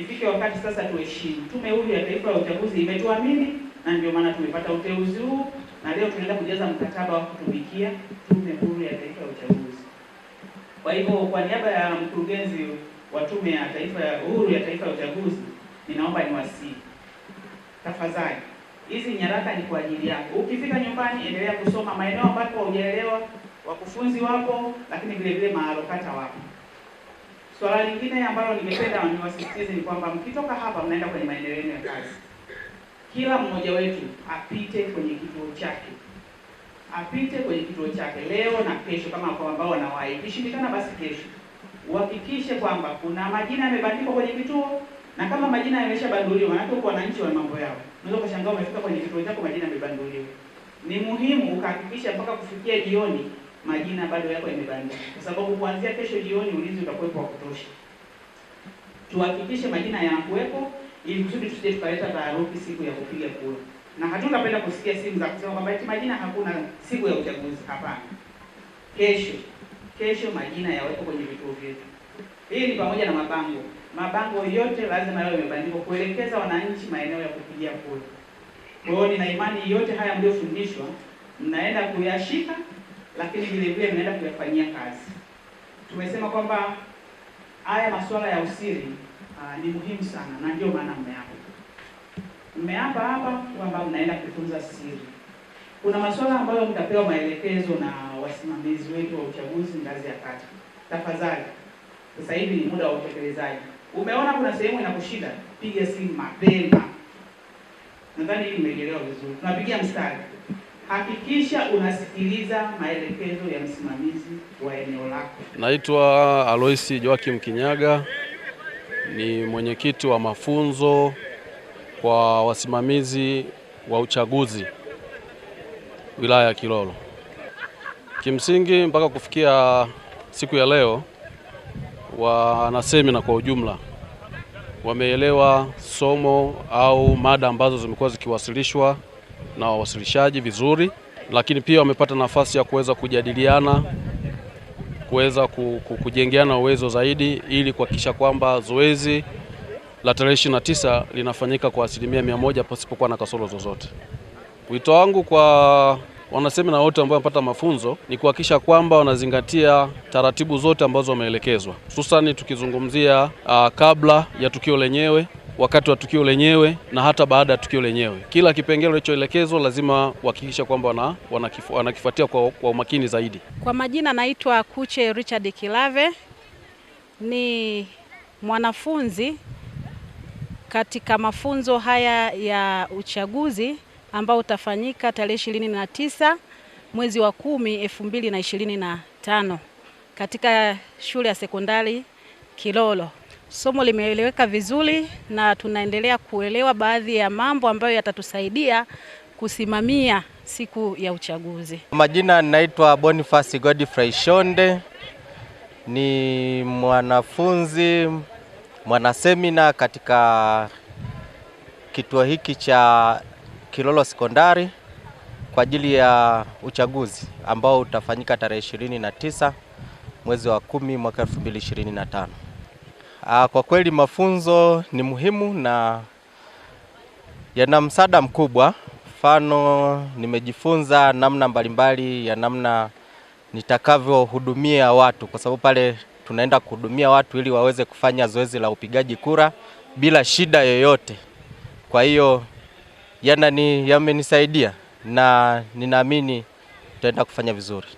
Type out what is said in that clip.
ifike wakati sasa tuheshimu. Tume Huru ya Taifa ya Uchaguzi imetuamini na ndio maana tumepata uteuzi huu, na leo tunaenda kujaza mkataba wa kutumikia Tume Huru ya Taifa ya Uchaguzi. Kwa hivyo, kwa niaba ya mkurugenzi wa Tume ya Taifa ya Uhuru ya Taifa ya Uchaguzi, ninaomba niwasihi, tafadhali hizi nyaraka ni kwa ajili yako. Ukifika nyumbani, endelea kusoma maeneo ambapo hujaelewa, wakufunzi wapo, lakini vile vile maalokata wapo. Swala lingine ambalo nimependa niwasisitize ni kwamba mkitoka hapa mnaenda kwenye maeneo yenu ya kazi, kila mmoja wetu apite kwenye kituo chake, apite kwenye kituo chake leo na kesho, kama kwa ambao wanawahi, kishindikana basi kesho, uhakikishe kwamba kuna majina yamebandikwa kwenye kituo, na kama majina yameshabanduliwa, na kwa wananchi wa mambo yao, unaweza kushangaa umefika kwenye kituo chako majina yamebanduliwa. Ni muhimu ukahakikisha mpaka kufikia jioni majina bado yako yamebandikwa, kwa sababu kuanzia kesho jioni ulinzi utakuwepo wa kutosha. Tuhakikishe majina yanakuwepo ili kusudi tusije tukaleta taharuki siku ya kupiga kura, na hatutapenda kusikia simu za kusema kwamba eti majina hakuna siku ya uchaguzi. Hapana, kesho kesho majina yawepo kwenye vituo vyetu. Hii ni pamoja na mabango. Mabango yote lazima yawe yamebandikwa kuelekeza wananchi maeneo ya kupigia kura. Kwa hiyo nina imani yote haya mliofundishwa mnaenda kuyashika lakini vile vile mnaenda kuyafanyia kazi. Tumesema kwamba haya masuala ya usiri aa, ah, ni muhimu sana, na ndio maana mmeapa mmeapa hapa kwamba mnaenda kutunza siri. Kuna masuala ambayo mtapewa maelekezo na wasimamizi wetu wa uchaguzi ngazi ya kata. Tafadhali, sasa hivi ni muda wa utekelezaji. Umeona kuna sehemu inakushinda, piga simu mapema. Nadhani hii imeelewa vizuri. Tunapigia mstari hakikisha unasikiliza maelekezo ya msimamizi wa eneo lako. Naitwa Aloisi Joakim Kinyaga, ni mwenyekiti wa mafunzo kwa wasimamizi wa uchaguzi wilaya ya Kilolo. Kimsingi mpaka kufikia siku ya leo, wanasemina kwa ujumla wameelewa somo au mada ambazo zimekuwa zikiwasilishwa na wawasilishaji vizuri, lakini pia wamepata nafasi ya kuweza kujadiliana, kuweza kujengeana uwezo zaidi ili kuhakikisha kwamba zoezi la tarehe tisa linafanyika kwa asilimia mia moja pasipokuwa na kasoro zozote. Wito wangu kwa wanasemina wote ambao wamepata mafunzo ni kuhakikisha kwamba wanazingatia taratibu zote ambazo wameelekezwa, hususani tukizungumzia uh, kabla ya tukio lenyewe wakati wa tukio lenyewe na hata baada ya tukio lenyewe. Kila kipengele kilichoelekezwa lazima uhakikisha kwamba wana, wanakifuatia kwa, kwa umakini zaidi. Kwa majina naitwa Kuche Richard Kilave, ni mwanafunzi katika mafunzo haya ya uchaguzi ambao utafanyika tarehe ishirini na tisa mwezi wa kumi elfu mbili na ishirini na tano katika shule ya sekondari Kilolo. Somo limeeleweka vizuri na tunaendelea kuelewa baadhi ya mambo ambayo yatatusaidia kusimamia siku ya uchaguzi. Majina ninaitwa Boniface Godfrey Shonde, ni mwanafunzi mwanasemina katika kituo hiki cha Kilolo Sekondari kwa ajili ya uchaguzi ambao utafanyika tarehe 29 mwezi wa 10 mwaka 2025. Ah, kwa kweli mafunzo ni muhimu na yana msaada mkubwa. Mfano, nimejifunza namna mbalimbali ya namna nitakavyohudumia watu, kwa sababu pale tunaenda kuhudumia watu ili waweze kufanya zoezi la upigaji kura bila shida yoyote. Kwa hiyo yana ni yamenisaidia na ninaamini tutaenda kufanya vizuri.